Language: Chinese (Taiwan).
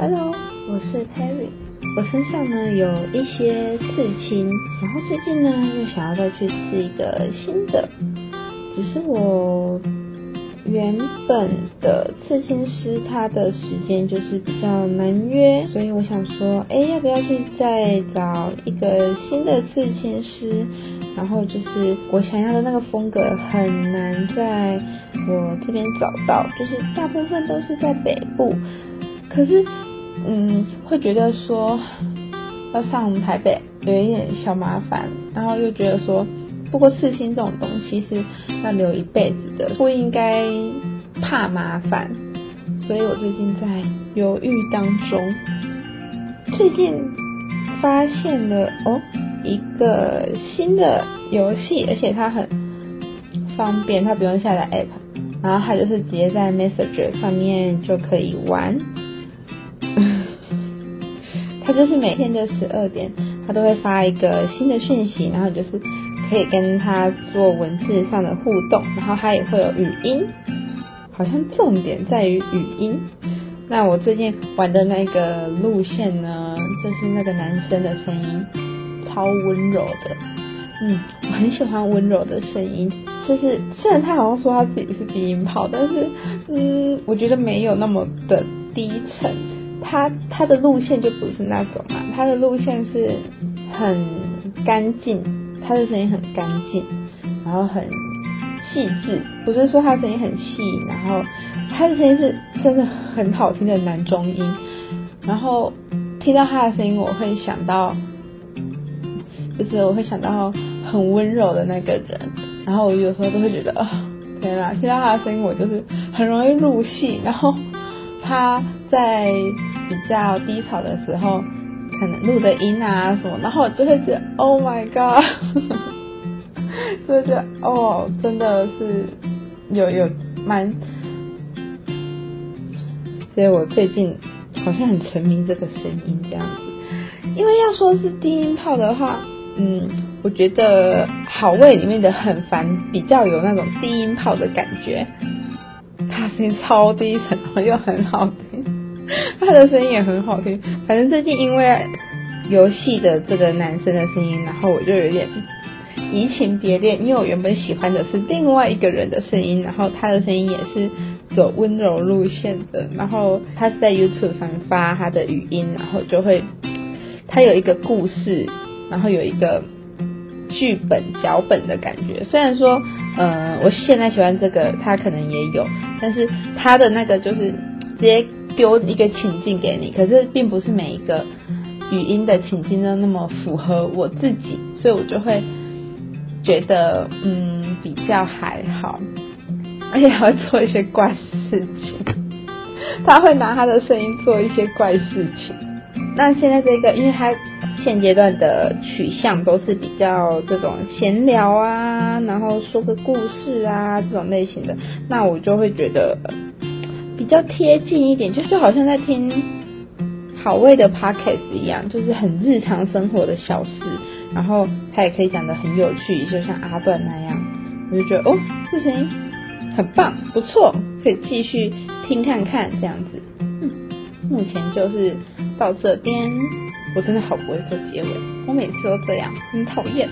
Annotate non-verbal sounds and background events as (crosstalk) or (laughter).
Hello，我是 Perry。我身上呢有一些刺青，然後最近呢又想要再去刺一個新的，只是我原本的刺青師他的時間就是比較難約，所以我想說，哎、欸，要不要去再找一個新的刺青師？然後就是我想要的那個風格很難在我這邊找到，就是大部分都是在北部，可是，嗯，會覺得說要上台北有一點小麻煩，然後又覺得說，不過刺青這種東西是要留一輩子的，不應該怕麻煩，所以我最近在猶豫當中。最近發現了哦，一個新的遊戲，而且它很方便，它不用下載 App，然後它就是直接在 Messenger 上面就可以玩。 (laughs) 他就是每天的十二點，他都會發一個新的訊息，然後就是可以跟他做文字上的互動，然後他也會有語音，好像重點在於語音。那我最近玩的那個路線呢，就是那個男生的聲音，超溫柔的，嗯，我很喜歡溫柔的聲音，就是雖然他好像說他自己是低音炮，但是嗯，我覺得沒有那麼的低沉。他他的路線就不是那種嘛，啊，他的路線是很乾淨，他的聲音很乾淨，然後很細緻，不是說他聲音很細，然後他的聲音是真的很好聽的男中音，然後聽到他的聲音我會想到，就是我會想到很溫柔的那個人，然後我有時候都會覺得，哦，天哪，啊，聽到他的聲音我就是很容易入戲，然後他在比較低潮的時候，可能錄的音啊什麼，然後我就會覺得 Oh my god， (laughs) 就會覺得哦，oh, 真的是有有蠻，所以我最近好像很沉迷這個聲音這樣子。因為要說是低音炮的話，嗯，我覺得好味裡面的很煩，比較有那種低音炮的感覺，它聲音超低沉，然後又很好。他的聲音也很好聽，反正最近因為遊戲的這個男生的聲音，然後我就有點移情別戀，因為我原本喜歡的是另外一個人的聲音，然後他的聲音也是走溫柔路線的，然後他是在 YouTube 上面發他的語音，然後就會他有一個故事，然後有一個劇本腳本的感覺。雖然說，嗯、呃，我現在喜歡這個，他可能也有，但是他的那個就是直接。丟一個情境給你，可是並不是每一個語音的情境都那麼符合我自己，所以我就會覺得嗯比較還好，而且還會做一些怪事情。他會拿他的聲音做一些怪事情。那現在這個，因為他現階段的取向都是比較這種閒聊啊，然後說個故事啊這種類型的，那我就會覺得。比較貼近一點，就是就好像在聽好味的 podcast 一樣，就是很日常生活的小事，然後他也可以講得很有趣，就像阿段那樣，我就覺得哦，這聲音很棒，不錯，可以繼續聽看看這樣子。嗯，目前就是到這邊，我真的好不會做結尾，我每次都這樣，很討厭。